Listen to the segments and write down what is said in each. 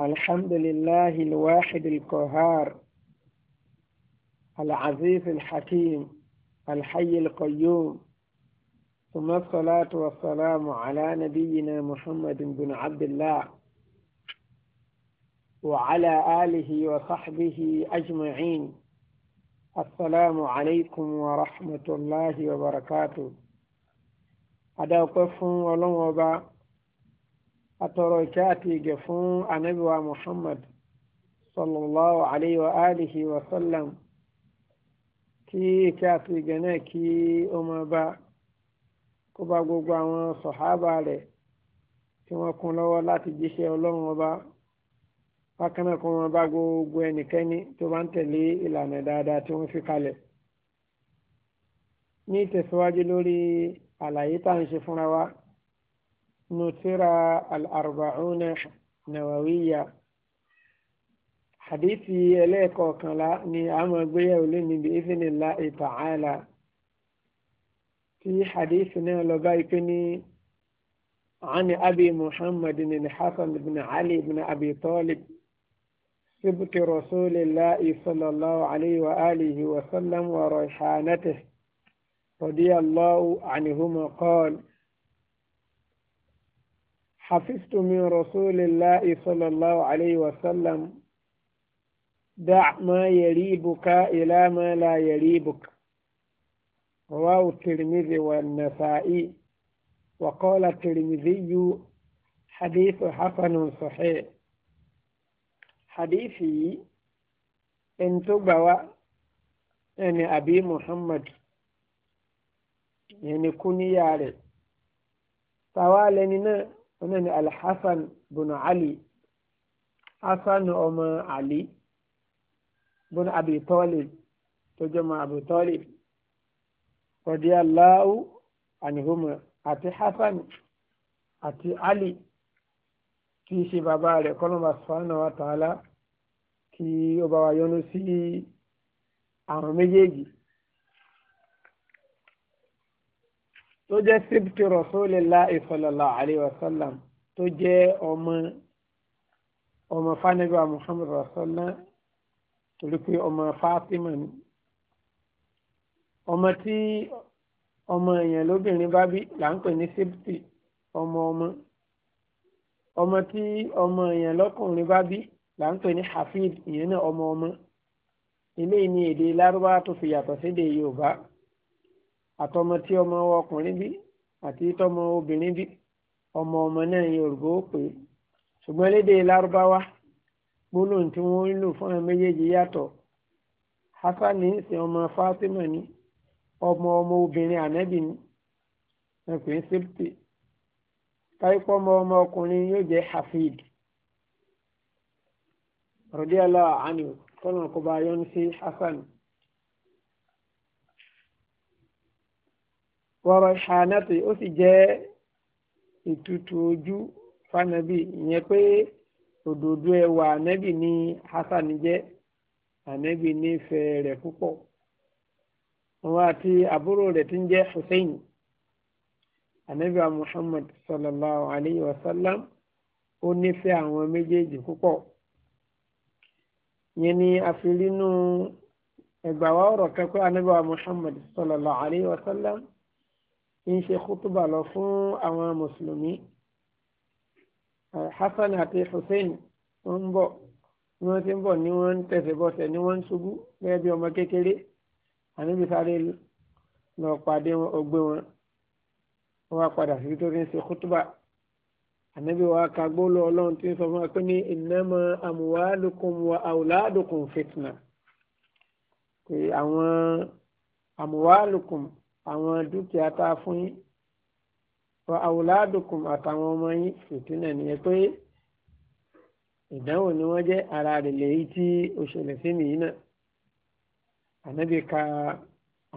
الحمد لله الواحد القهار العزيز الحكيم الحي القيوم ثم الصلاة والسلام على نبينا محمد بن عبد الله وعلى آله وصحبه أجمعين السلام عليكم ورحمة الله وبركاته أدعوكم ولو وبركاته atọrọ ìkẹ́ àti ìgẹ̀ fún anabiwa muhammad sallallahu alayhi wa alihi wa sallam kí ìkẹ́ àti ìgẹ̀ náà kí ó máa bá kó bá gbogbo àwọn sọ̀hábà rẹ̀ tí wọ́n kún lọ́wọ́ láti jíṣẹ́ ọlọ́run ọba bákan náà kó wọn bá gbogbo ẹnikẹ́ni tó bá ń tẹ̀lé ìlànà dáadáa tí wọ́n fi kalẹ̀ ní ìtẹ̀síwájú lórí àlàyé tá à ń ṣe fúnra wa nutira al-arba'una nawawiya hadithi ẹlẹ́ẹ̀kọ̀ọ̀kanlá ni a máa gbéyàwó lónìí bí iznillahi ta'ala tí hadithi náà lọ bá ipé ní عن أبي محمد الحسن بن علي بن أبي طالب سبط رسول الله صلى الله عليه وآله وسلم وريحانته رضي الله عنهما قال حفظت من رسول الله صلى الله عليه وسلم دع ما يريبك إلى ما لا يريبك رواه الترمذي والنسائي وقال الترمذي حديث حسن صحيح حديثي ان تبوا يعني أبي محمد يعني كوني ياري سواء لنا ọ̀nà ni alhassan bùnà ali hassan ọmọ ali bùnà abi talib tó jẹ́ ọmọ abi talib radiyallahu anhuma àti hassan àti ali tí í ṣe bàbá rẹ̀ kọ́nọ́mà subhanahu wa ta'ala kí ó bá wa yọ́nú sí àwọn méjèèjì. tó jẹ́ sibti rasulillahi sallallahu alayhi wa sallam tó jẹ́ ọmọ ọmọ fanabi wa muhammad rasulillah torí pé ọmọ fatima ni ọmọ tí ọmọ èèyàn lóbìnrin bá bí là ń pè ní sibti ọmọ ọmọ ọmọ tí ọmọ èèyàn lọ́kùnrin bá bí là ń pè ní hafid ìyẹn náà ọmọ ọmọ eléyìí ni èdè lárúbá tó fi yàtọ̀ sí èdè yorùbá àtọmọ tí ọmọ ọkùnrin bí àti tọmọ obìnrin bí ọmọ ọmọ náà yorùbá ó pè é ṣùgbọ́n lédè lárúbáwá gbólóhùn tí wọ́n ń lò fún àwọn méjèèjì yàtọ̀ hasan ní ìsìn ọmọ fatima ní ọmọ ọmọ obìnrin ànábì ní ẹkùnrin sèpìtì táìpọ̀ ọmọ ọmọ ọkùnrin yóò jẹ́ hafid rọ̀díàlá àánú tọ́nà kọba yọ́n sí hasan. wọ́rọ̀ ṣàánátì ó sì jẹ́ ìtutù ojú fanabi ìyẹn pé òdòdó ẹwà ànábì ní hasan jẹ́ ànábì nífẹ̀ẹ́ rẹ̀ púpọ̀ wọn àti àbúrò rẹ̀ tí ń jẹ́ hussein ànábì muhammad sallallahu alayhi wa sallam ó nífẹ̀ẹ́ àwọn méjèèjì púpọ̀ yẹn ni àfilínú ẹgbàá ọ̀rọ̀ kẹ́kọ̀ọ́ ànábì wa muhammad sallallahu alayhi wa sallam ń ṣe kútùbà lọ fún àwọn mùsùlùmí Hassan àti Hussein wọ́n ń bọ̀ ni wọ́n ti ń bọ̀ ni wọ́n ń tẹ̀sẹ̀ bọ̀sẹ̀ ni wọ́n ń ṣubú gẹ́gẹ́ bí ọmọ kékeré àníbi sáré lọ pàdé wọn ògbé wọn wọ́n wá padà sí tó ti ń ṣe kútùbà ànábì wa ka gbólọ ọlọ́run tí ń sọ fún wa pé ní ìnáma àmúwálùkùn wa àwòládùkùn fìtìnà pé àwọn àmúwálùkùn àwọn dúkìá tá a fún yín wa awladukum àtàwọn ọmọ yín fìtínà nìyẹn pé ìdánwò ni wọ́n jẹ́ ara rẹ̀ lèyí tí ó ṣẹlẹ̀ sí nìyí náà ànábì ka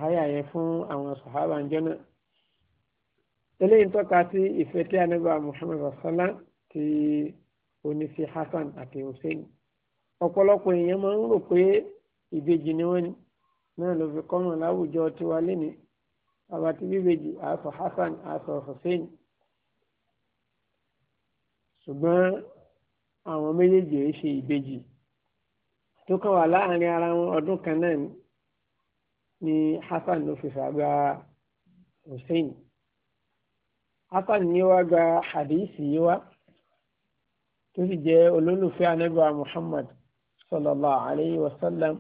àyà yẹn fún àwọn sàhábà ń jọ náà eléyìí tọ́ka sí ìfẹ́ tí ànábì Muhammad sallam ti onífi Hasan àti Hussein ọ̀pọ̀lọpọ̀ èèyàn máa ń rò pé ìbejì ni wọ́n ní náà ló fi kọ́mọ̀ láwùjọ tiwa lénìí bàbá tí bíbèjì àásọ Hasan àásọ Hussein ṣùgbọ́n àwọn méjèèjì ẹ̀ ṣe ìbejì tó kàn wà láàrin ara wọn ọdún kan náà ni Hasan ló fi fàgbà Hussein Hasan ni wá gba hadisi yìí wá tó sì jẹ́ olólùfẹ́ anábíwá Muhammad sallallahu alayhi wa sallam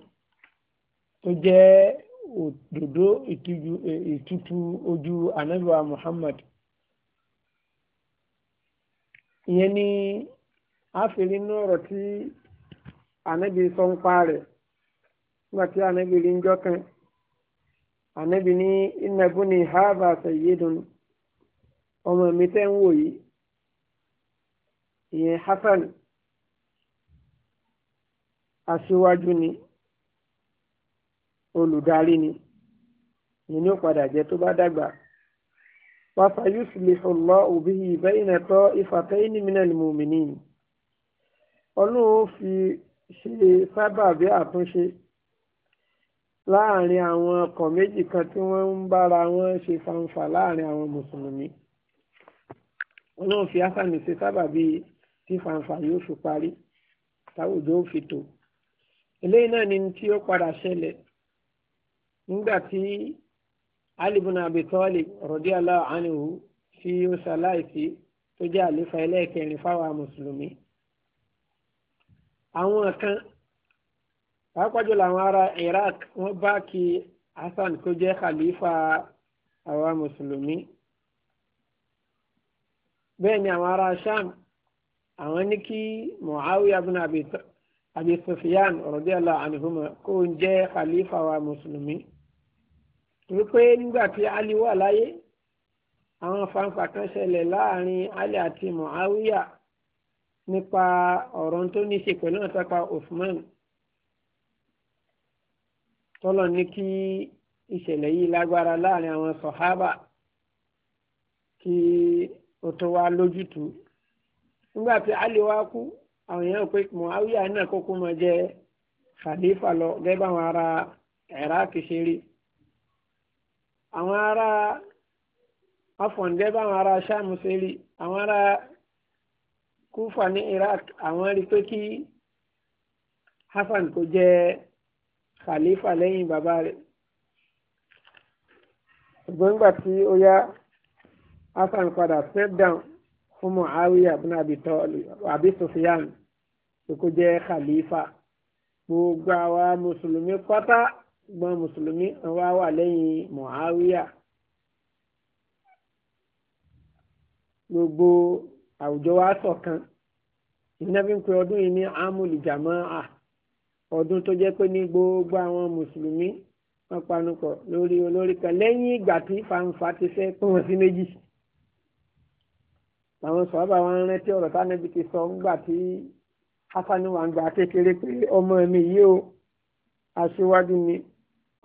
tó jẹ́ òdòdó ìtútù ojú anábíwá Muhammad ìyẹn ni a fi rí inú ọ̀rọ̀ tí anábì sọ ń pa rẹ̀ nígbà tí anábì rí ń jọ́ kan anábì ní ìnàbù ní haaba sayyidun ọmọ mi tẹ́ ń wò yìí ìyẹn Hasan aṣíwájú ni olùdarí ni ni ní ó padà jẹ́ tó bá dàgbà wàfà yuslihu Allahu bihi bayna ta'ifatayni minal mu'minin ọlọ́run fi ṣe sábàbí àtúnṣe láàrin àwọn ọkọ̀ méjì kan tí wọ́n ń bára wọn ṣe fanfà láàrin àwọn mùsùlùmí ọlọ́run fi hásánì ṣe sábàbí tí fanfà yóò fi parí táwùjọ ó fi tò eléyìí náà ni tí ó padà ṣẹlẹ̀ nígbà tí Ali ibn Abi Talib radiyallahu anhu fi ó ṣaláìsí tó jẹ́ àléfà ẹlẹ́ẹ̀kẹrin fáwọn mùsùlùmí àwọn kan pàápàá jùlọ àwọn ará Iraq wọ́n bá kí Hasan tó jẹ́ khalifa àwọn mùsùlùmí bẹ́ẹ̀ ni àwọn ará Sham àwọn ní kí Muawiya ibn Abi Sufyan radiyallahu anhuma kó ń jẹ́ khalifa àwọn mùsùlùmí wípé nígbà tí Ali wà láyé àwọn fanfa kan ṣẹlẹ̀ láàrin Ali àti Muawiya nípa ọ̀rọ̀ tó ní ṣe pẹ̀lú àtàkà Usman tọ́lọ̀ ní kí ìṣẹ̀lẹ̀ yìí lágbára láàrin àwọn sọ̀hábà kí o tó wá lójútùú nígbà tí Ali wá kú àwọn èèyàn pé Muawiya náà kókó máa jẹ khalifa lọ gẹ́gẹ́ bá àwọn ará Iraq ṣe rí àwọn ará afọ̀ǹdẹ́ báwọn ará sáàmù ṣe rí àwọn ará kúfà ní Iraq àwọn rí pé kí Hasan kò jẹ khalifa lẹ́yìn bàbá rẹ̀ ṣùgbọ́n nígbà tí ó yá Hasan padà step down fún Muawiya ibn Abi Sufyan kò jẹ khalifa gbogbo àwa mùsùlùmí pátá ṣùgbọ́n mùsùlùmí wa wà lẹ́yìn Muawiya gbogbo àwùjọ wa ṣọ̀kan ìnáfi ń pe ọdún yìí ní amúlì jàmáà ọdún tó jẹ́ pé ní gbogbo àwọn mùsùlùmí wọ́n panupọ̀ lórí olórí kan lẹ́yìn ìgbà tí fanfa ti fẹ́ pín wọn sí méjì àwọn sọ̀rọ̀bà wọn rántí ọ̀rọ̀ tánẹ́bí ti sọ ńgbà tí hasanu wa ń gba kékeré pé ọmọ mi yìí o aṣíwájú ni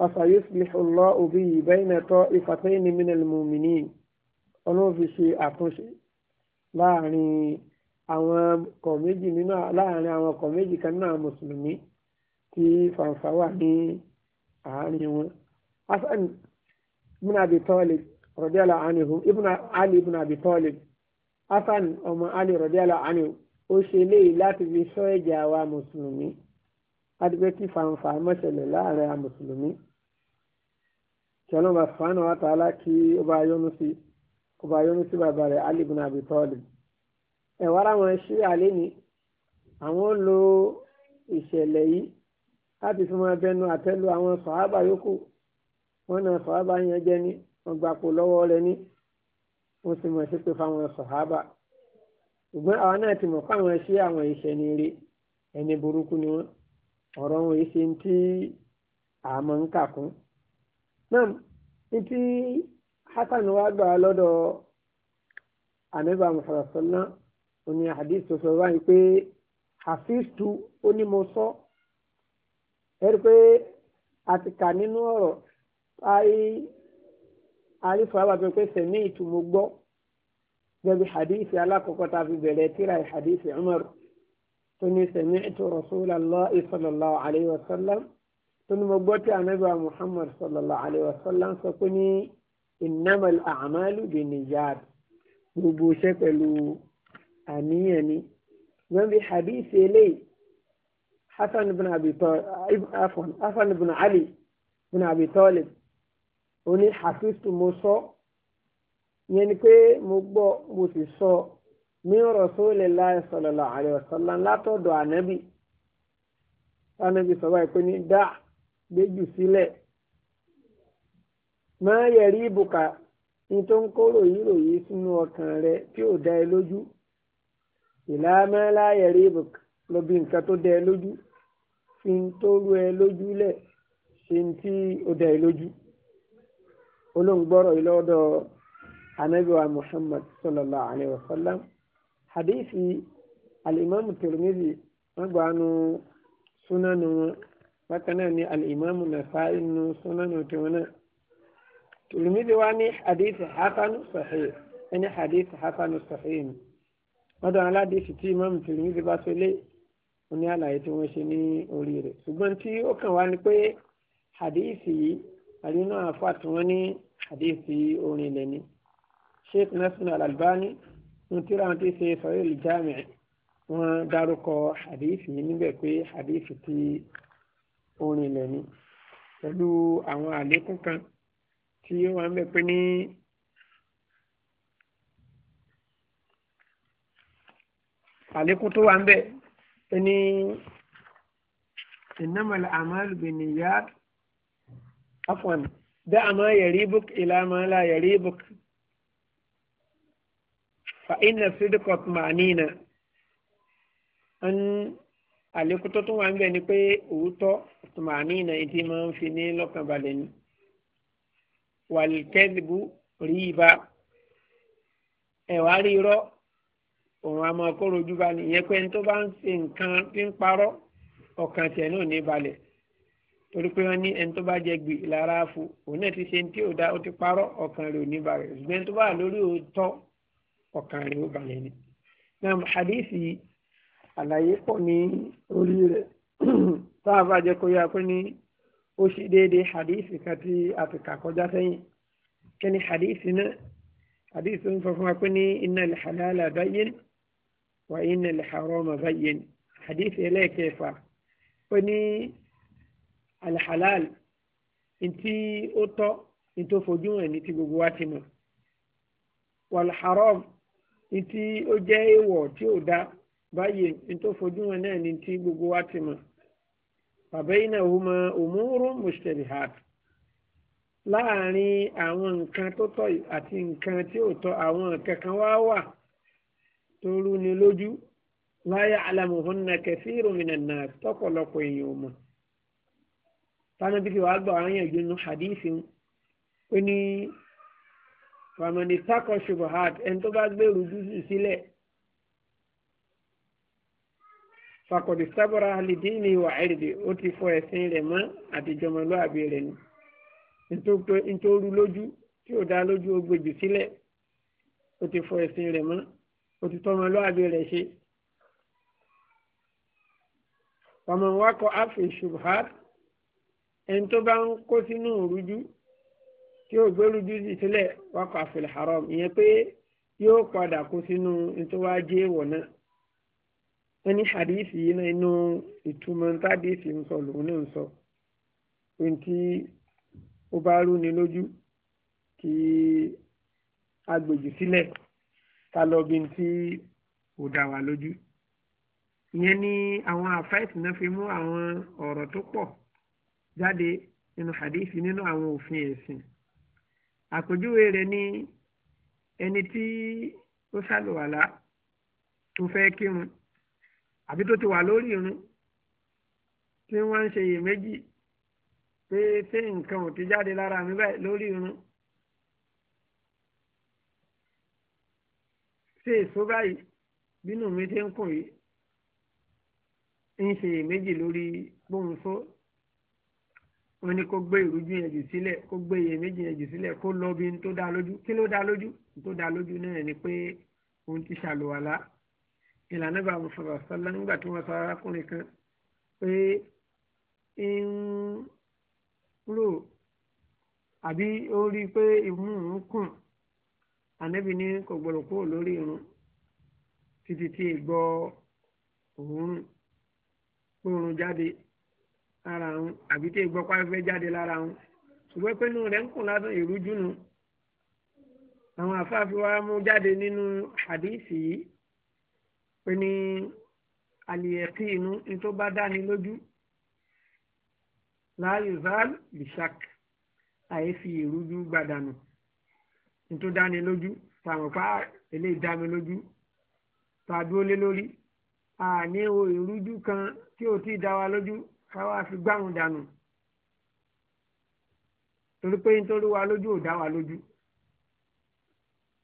فسيصلح الله به بين طائفتين من المؤمنين ọlọ́run fi ṣe àtúnṣe láàrin àwọn ọkọ̀ méjì nínú láàrin àwọn ọkọ̀ méjì kan nínú àwọn mùsùlùmí tí fàǹfà wà ní àárín wọn. hasan ibn abi talib rọdíàlà anhu ibn ali ibn abi talib hasan ọmọ ali rọdíàlà anhu ó ṣe léyìí láti fi ṣọ́ ẹ̀jẹ̀ àwa mùsùlùmí láti pé kí láàrin àwọn mùsùlùmí kí ọlọ́mọba subhanahu wa ta'ala kí ó bá yọ́nú sí bàbá rẹ̀ Ali bin Abi Talib ẹ̀wọ́n ara wọn ṣí àlẹ́ ni àwọn lo ìṣẹ̀lẹ̀ yìí láti fi máa bẹnu àtẹ́lu àwọn sàhábà yòókù wọn náà sàhábà yẹn jẹ́ ní wọn gbapò lọ́wọ́ rẹ̀ ní wọn sì mọ̀ sí pé fáwọn sàhábà ṣùgbọ́n àwa náà ti mọ̀ fáwọn ṣí àwọn ìṣẹ̀nire ẹni burúkú ni wọn ọ̀rọ̀ wọn yìí ṣe ń tí àmọ́ ń kà kún náà títí hasan wa gbà lọ́dọ̀ ànábì muhammad sallam oní hadith tó sọ báyìí pé hafistu onímọ̀sọ́ ẹ̀rí pé a ti kà nínú ọ̀rọ̀ ayé àrífọ́ àbàbí pé sẹ̀mí ìtumọ̀ gbọ́ gẹ́gẹ́ hadith alákọ̀ọ́kọ́ tá a fi bẹ̀rẹ̀ tíra hadith umar tó ní sẹ̀mí ìtumọ̀ rasulallah sallallahu alayhi wa tó ní mo gbọ́ tí anábà Muhammad sallallahu alayhi wa sallam sọ pé ní innamal a'malu binniyat gbogbo iṣẹ́ pẹ̀lú àníyàn ni wọ́n bí hadith eléyìí hasan ibn abi afon hasan ibn ali ibn abi talib ó ní hafistu mo sọ yẹn ni pé mo gbọ́ mo sì sọ min rasulillahi sallallahu alayhi wa sallam látọ̀dọ̀ ànábì ànábì sọ báyìí ní dáa gbéjù sílẹ̀ máa yẹrí ìbùkà ní tó ń kó ròyìn ròyìn sínú ọkàn rẹ tí ò dá ẹ lójú ìlà máa láyẹrí ìbùkà lọ bí nǹkan tó dá ẹ lójú fi ń tó rú ẹ lójú lẹ̀ ṣe ń tí ó dá ẹ lójú olóńgbọ́rọ̀ ìlọ́dọ̀ anabiwa muhammad sallallahu alayhi wa sallam hadithi alimami tirmidhi wọn sunanu wọn bákan náà ni alimami Nasa'i nínú sunanu tiwọn náà Tirmidhi wa ní hadith hasanu sahih ẹni hadith hasanu sahih ni wọn dọ̀ aládìsí tí imam Tirmidhi bá sọ lé oní àlàyé tí wọ́n ṣe ní orí rẹ̀ ṣùgbọ́n tí ó kàn wá ni pé hadithi yìí àrínú àfa tí wọ́n ní orin ilẹ̀ ni sheikh nasir albani ń tíra wọn ti ṣe sọ̀rọ̀ ìlú jamiu wọn dárúkọ hadithi yìí níbẹ̀ pé hadithi ti orin ilẹ̀ ni pẹ̀lú àwọn àlékún kan tí ó wà ń bẹ pé ní àlékún tó wà ń bẹ pé ní innamal a'malu binniyat afwan da ma yaribuk ila ma la yaribuk fa inna sidqa ma'nina àlékún tó tún wà ń bẹ̀ ni pé òótọ́ tùmàní ìnà etí máa ń fi ní lọ́kàn balẹ̀ ni wàlìkẹ́dìbù rí ibà ẹ̀wà rí irọ́ òun àmọ́ kórojú bá ní ìyẹn pé ẹni tó bá ń ṣe nǹkan tí ń parọ́ ọkàn tiẹ̀ náà ní balẹ̀ torí pé wọ́n ní ẹni tó bá jẹ gbì lára fún òun náà ti ṣe ní tí ò dá ó ti parọ́ ọkàn rẹ̀ ò ní balẹ̀ ṣùgbọ́n tó bá lórí òótọ́ ọkàn rẹ̀ ó balẹ̀ ni àlàyé pọ̀ ní orí rẹ̀ tá a bá jẹ́ kó yá pé ní ó ṣe déédéé hadith kan tí a ti kà kọjá sẹ́yìn kí ni hadith náà hadith ń sọ fún wa pé ní innal halala bayyin wa innal harama bayyin hadith ẹlẹ́ẹ̀kẹfà pé ní alhalal ntí ó tọ́ ntí ó fojú hàn ní ti gbogbo wa ti mọ̀ wal ntí ó jẹ́ èèwọ̀ tí ó dáa. báyìí nítorí fojú wọn náà ní tí gbogbo wa ti mọ̀ bàbá iná huma òmùúrú mushtabihat láàárín àwọn nǹkan tó tọ́ àti nǹkan tí ò tọ́ àwọn wá wà tó rú ni lójú la ya'lamuhunna kathirun minan nas na èèyàn mọ̀ tánàbí wàá gbọ́ àwọn èèyàn nínú hadith ó ní fàmọ́nì sákọ̀ ṣubuhat ẹni tó bá fakọ̀dì sábàrà àlìdí ni ìwà ẹ̀rìndì ó ti fọ ẹ̀sìn rẹ̀ mọ́ àtijọ́mọlúàbí rẹ̀ ni nítorí lójú tí ò dá lójú ó gbèjù sílẹ̀ ó ti fọ ẹ̀sìn rẹ̀ mọ́ ó ti tọ́mọlúàbí rẹ̀ ṣe. ọmọ wa kọ àfi ṣubhat ẹni tó bá ń kó sínú tí ò gbé rújú sí sílẹ̀ wa kọ àfi haram ìyẹn pé yóò padà kó sínú nítorí wá jẹ́ wọ́n ní hadith yìí náà inú ìtumọ̀ tádìsì ń sọ lòun náà ń sọ ohun tí ó bá rúni lójú kí agbèjì sílẹ̀ ká lọ bí tí ò dá wa lójú ìyẹn ni àwọn àfáìsì náà fi mú àwọn ọ̀rọ̀ tó pọ̀ jáde nínú hadith nínú àwọn òfin ẹ̀sìn àpèjúwe rẹ̀ ni ẹni tí ó ṣàlùwàlá tó fẹ́ kírun àbí tó ti wà lórí irun tí wọ́n ń ṣe iyèméjì pé ṣé nǹkan ò ti jáde lára mi báyìí lórí irun ṣé èso báyìí bínú mi ti ń kùn yìí ń ṣe iyèméjì lórí bóun sọ wọ́n ní kó gbé ìrújú yẹn jù sílẹ̀ kó gbé iyèméjì yẹn jù sílẹ̀ kó lọ bí n tó dá lójú kí ló dá lójú n tó dá lójú náà ni pé òun ti ṣàlùwàlá ìlànà bàbá sọ̀rọ̀ sọ́lá nígbà tí wọ́n sọ arákùnrin kan pé ń rò àbí ó rí i pé imú òun kùn ànábì ní kò gbọdọ̀ kúrò lórí irun títí tí ìgbọ́ òórùn òórùn jáde lára òun àbí tí ìgbọ́ páfẹ́ jáde lára òun ṣùgbọ́n pé inú rẹ̀ ń kùn ládùn ìrújú nu àwọn àfáàfin mú jáde nínú hadisi yìí pé ní àlìyẹ̀kí inú ní tó bá dáni lójú láàyè zal bishak àyèfi ìrújú gbàdánù ní tó dáni lójú tàwọn pa ah, eléyìí dá mi lójú tàbí ó lé lórí àní o ìrújú kan tí ò tí ì dá wa lójú káwá fi gbáhùn dànù torí pé nítorí wa lójú ò dá wa lójú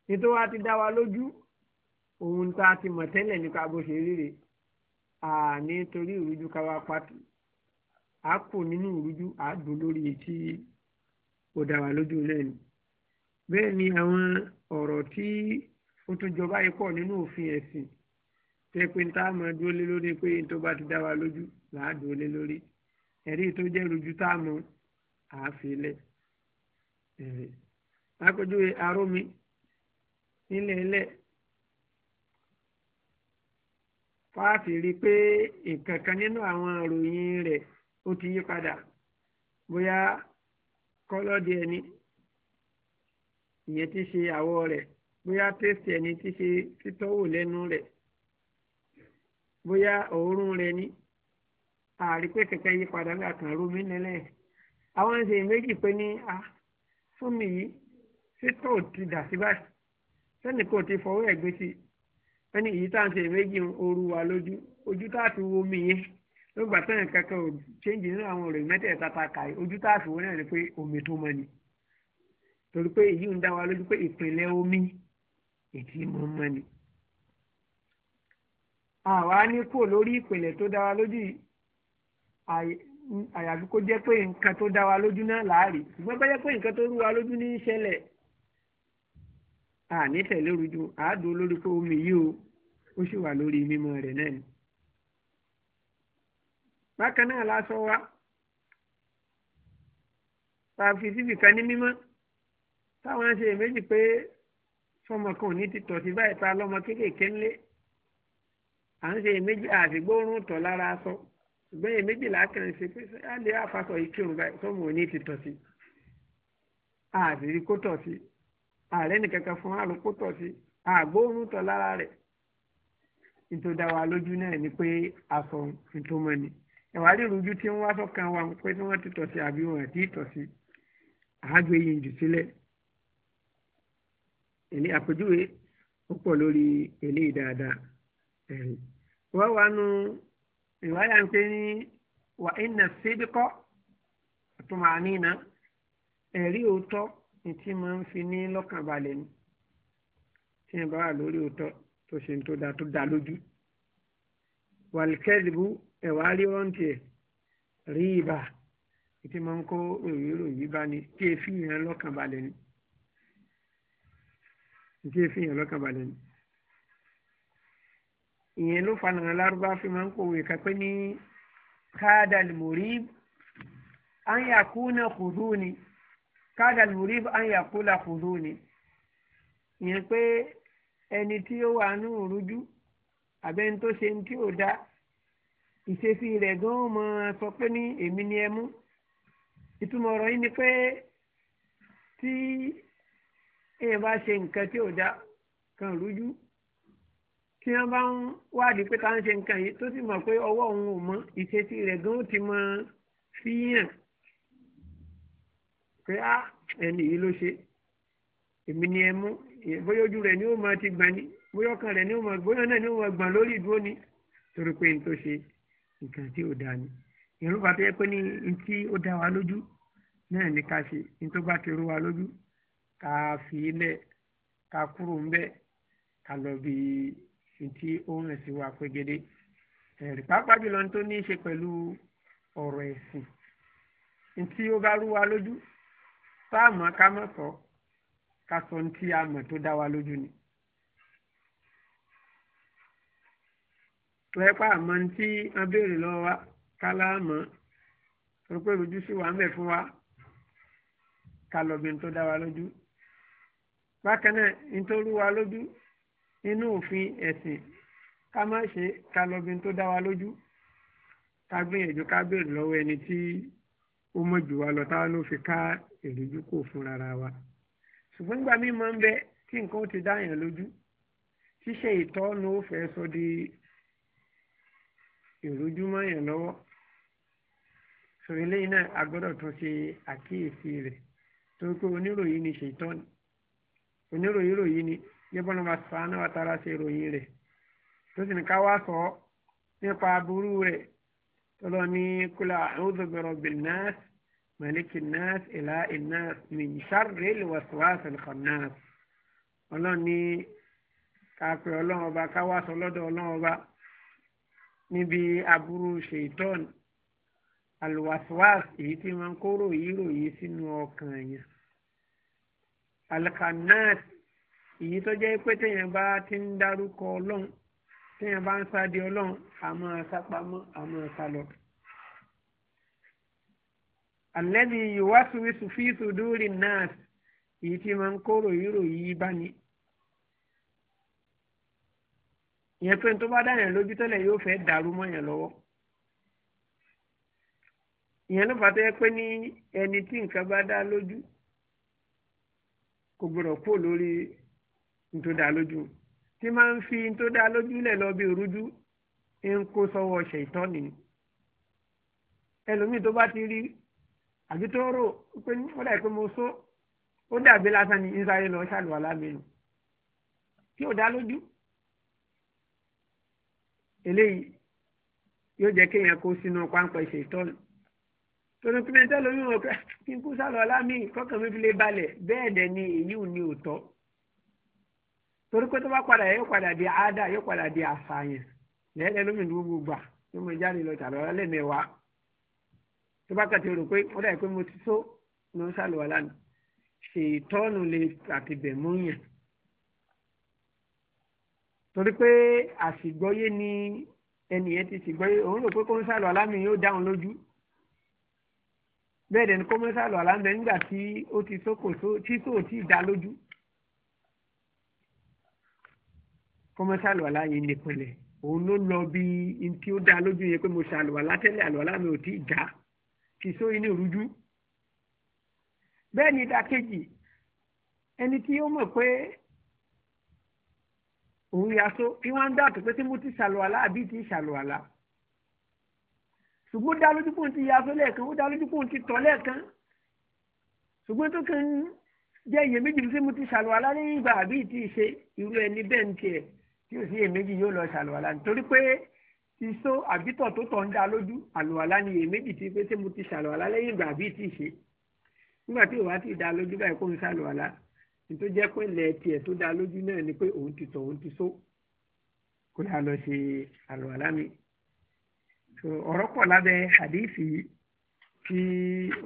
nítorí wa ti dá wa lójú ohun tá a ti mọ̀ tẹ́lẹ̀ nípa bó ṣe ríre àní torí ìrújú ká wá pàtó a kù nínú ìrújú àádùn lórí etí kò dá wa lójú lẹ́nu bẹ́ẹ̀ ni àwọn ọ̀rọ̀ tí ó tún jọba yìí pọ̀ nínú òfin ẹ̀sìn tẹ́ pé ń tá a máa dúró lé lórí pé n tó bá ti dá wa lójú làá dúró lé lórí ẹ̀rí tó jẹ́ ìrújú tá a mọ àáfilẹ̀ ẹ̀rí. akójú arómi nílẹ̀ ẹlẹ́ẹ̀ fáàfì rí i pé nǹkan kan nínú àwọn ìròyìn rẹ̀ ó ti yí padà bóyá kọ́lọ́dì ẹni ìyẹn ti ṣe àwọ̀ rẹ̀ bóyá tẹ́sì ẹni ti ṣe títọ́wò lẹ́nu rẹ̀ bóyá òórùn rẹ̀ ni àrí pé kẹ̀kẹ́ yí padà ńgbà kan rómi nílẹ̀ àwọn ṣe méjì pé ní a fún mi yìí ṣé tó ti dà sí báyìí sẹ́ni kò ti fọwọ́ ẹ̀ gbé sí i wọ́n ní èyí tá à ń ṣe méjì ooru wa lójú ojú tá a fi wo mi yẹn lóògbà tó yẹn kankan ò ṣéǹjì nínú àwọn ọ̀rọ̀ mẹ́tẹ̀ẹ̀ta ta kàí ojú tá a fi wo náà ni pé omi tó mọ ni torí pé èyí ń dá wa lójú pé ìpínlẹ̀ omi ètí mọ́ mọ́ ni. àwa ní kò lórí ìpínlẹ̀ tó dá wa lójú àyàfi kó jẹ́ pé nǹkan tó dá wa lójú náà láàrí ṣùgbọ́n bá jẹ́ pé nǹkan tó rú wa lójú ní í àní àádùn olórí pé omi yìí o ó sì wà lórí mímọ́ rẹ̀ náà ni. bákan náà la sọ wa tààfin síbi kan ní mímọ́ táwọn ṣe méjì pé sọmọ kan ò ní ti tọ̀ sí báyìí ta lọ́mọ kéékèèké ńlé à ń ṣe méjì àfigbórun tọ̀ lára aṣọ ṣùgbọ́n èyí méjì lákàn ṣe pé á lè àfàṣọ ìkírun báyìí sọmọ ò ní ti tọ̀ sí àfi kó tọ̀ sí ààrẹ nìkankan fún àrùkú sí lára rẹ̀ nítorí dá wa lójú náà ni pé aṣọ ìtumọ̀ ni wa pé tí ti tọ̀ sí àbí wọn ti tọ̀ sí àgbè yìí jù sílẹ̀ èlé àpèjúwe ó lórí èlé ìwáyà ń pè ní wà ń ìtí máa ń fi ní lọ́kàn balẹ̀ ni tí yẹn bá wà lórí òótọ́ tó ṣe tó da tó da lójú wàlíkẹ́dìbù ẹ̀wà rírọ́ǹtì ẹ̀ rí ibà ìtí máa ń kó ròyìn ròyìn bá ni tí èéfì yẹn lọ́kàn balẹ̀ ni tí èéfì yẹn lọ́kàn balẹ̀ ni ìyẹn ló fa nàrà lárúbá fi máa ń kòwé kápẹ́ ní káàdà lèmọ̀rí àyàkú náà kò dúró ni káàdà lùrí àyàkúlà kùdú ni ìyẹn pé ẹni tí ó wà ní òrújú àbẹ́ni tó ṣe ní tí ò dá ìṣesí rẹ̀ gan mọ sọ pé ní èmi ni ẹ mú ìtumọ̀ ọ̀rọ̀ yìí ni pé tí èèyàn bá ṣe nǹkan tí ò dá kan rújú tí wọ́n bá ń wádìí pé ká ń ṣe nǹkan yìí tó sì mọ̀ pé ọwọ́ òun ò mọ ìṣesí rẹ̀ gan ti mọ fíyàn pé á ẹni yìí ló ṣe èmi ni ẹ mú bóyá ojú rẹ̀ ni ó máa ti gbani bóyá ọkàn rẹ̀ ni ó máa bóyá náà ni ó máa gbọ̀n lórí ìdúró ni torí pé n tó ṣe nǹkan tí ò dáa ni ìrú bàtà yẹ pé ní n tí ó dá wa lójú náà ni ká ṣe n tó bá ti rú wa lójú ká fi ilẹ̀ ká kúrò ń bẹ̀ ká lọ bí n tí ó rìn sí wa pégede ẹ̀rí pàápàá jùlọ n tó ní í ṣe pẹ̀lú ọ̀rọ̀ ẹ̀sìn n tí ó bá rú wa lójú tá a mọ̀ ká mọ̀ sọ ká sọ tó dá wa lójú ni. tọ́yẹ́ pa àmọ́ ní tí wọ́n béèrè lọ́wọ́ wa ká láàmọ́ rò pé ojú sí wa ń fún wa ká lọ bí n tó dá wa lójú. bákan náà n tó rú wa lójú nínú òfin ẹ̀sìn ká má ṣe ká tó dá wa lójú ká gbìyànjú ká béèrè lọ́wọ́ ẹni tí ó mọ̀ jù wá lọ táwọn ló fi ká èrèjú kò fún rárá wa ṣùgbọ́n nígbà míì máa ń bẹ tí nǹkan ó ti dáyàn lójú ṣíṣe ìtọ́nu ó fẹ́ sọ di ìrújú mọ́yàn lọ́wọ́ sọ eléyìí náà a gbọ́dọ̀ tún ṣe àkíyèsí rẹ̀ torí pé oníròyìn ni ṣètọ́ni oníròyìn ròyìn ni yẹ́bọ́n bá sàánú àtàrà ṣe ròyìn rẹ̀ tó sì ní ká wá sọ nípa aburú rẹ̀ tọ́lọ́ ní kúlà a'udhu bi rabbin nas malikin nas ilahin nas min sharril waswasil khannas ọlọ́run ní kápẹ́ ọlọ́run ọba káwáṣọ lọ́dọ̀ ọlọ́run ọba níbi aburú ṣèitọ́n alwaswas èyí tí máa ń kóró yíró yìí sínú ọkàn yẹn alkhannas èyí tó jẹ́ pé téèyàn bá ti ń dárúkọ ọlọ́run téèyàn bá ń sáde ọlọ́run àmọ́ sápamọ́ àmọ́ sálọ. àlẹ́bí ìwásùwísù fi sùdúrì náà èyí tí máa ń kó ròyìnrò yìí bá ní. ìyẹn pé tó bá dáyàn lójú tẹ́lẹ̀ yóò fẹ́ dàrú mọ́yàn lọ́wọ́. ìyẹn ló fà tó yẹ pé ní ẹni tí nǹkan bá dá lójú kò gbọdọ̀ kúrò lórí nítorí lójú tí máa ń fi tó dá lójúlẹ̀ lọ bí òrújú ń kó sọ́wọ́ ṣèitán ni ẹlòmíì tó bá ti rí àbí tó rò pé ó dà pé mo só ó dàbí lásán ni ìsáré lọ ṣàlùwà lámẹ́nu tí ò dá lójú eléyìí yóò jẹ́ kéèyàn kó sínú páńpẹ́ ṣèitán torí pé mẹ́tẹ́ lómi wọn kí n kú sálọ lámì kọ́kàn mi fi lè balẹ̀ bẹ́ẹ̀ dẹ̀ ni èyí ò ní òótọ́ torí pé tó bá padà yóò padà di àádá yóò padà di àṣàyàn lẹ́yìn lómi gbogbo gbà tó mo jáde lọ tàbí ọ̀rọ̀ lẹ́mẹ̀wá tó bá kàtí rò pé ó dàbí pé mo ti tó ló ń ṣàlùwà lánàá ṣètọ́nù lè àtibẹ̀ múyàn torí pé àṣìgbọ́yé ni ẹnìyẹn ti ṣìgbọ́yé òun rò pé kó ń ṣàlùwà lámì yóò dáhùn lójú bẹ́ẹ̀ dẹ̀ ni kó ń ṣàlùwà lámì nígbà tí ó ti tó kò tó tí tó ò tí ì dá lójú. kọ́mọ́sá àlùwàlá yẹn nìpínlẹ̀ òun ló lọ bí n tí ó dá lójú yẹn pé mo ṣàlùwàlá tẹ́lẹ̀ àlùwàlá mi ò tí ì já kì í só inú ìrújú. bẹ́ẹ̀ ni ìdàkejì ẹni tí ó mọ̀ pé òun yaso kí wọ́n ń dàtò pé tí mo ti ṣàlùwàlá àbí ti ṣàlùwàlá ṣùgbọ́n dá lójú pòun ti yaso lẹ́ẹ̀kan ó dá lójú pòun ti tọ̀ lẹ́ẹ̀kan ṣùgbọ́n tó kàn jẹ́ ìyẹn méjì fún sí mo ti ṣàlùwàlá lẹ́yìn ìgbà àbí ti ṣe irú ẹni bẹ́ẹ̀ ń tiẹ̀ tí ò sí èméjì yóò lọ ṣàlùwàlá nítorí pé iṣó àbítọ̀ tó tọ̀ ń dá lójú àlùwàlá ni èméjì ti pé tí mo ti ṣàlùwàlá lẹ́yìn ìgbà àbí tí ṣe nígbà tí ìwà ti dá lójú báyìí kó ń ṣàlùwàlá nítorí jẹ́ pé ilẹ̀ tiẹ̀ tó dá lójú náà ni pé òun ti tọ̀ òun ti só kó yà lọ ṣe àlùwàlá mi ọ̀rọ̀ pọ̀ lábẹ́ àdéhìfì yìí tí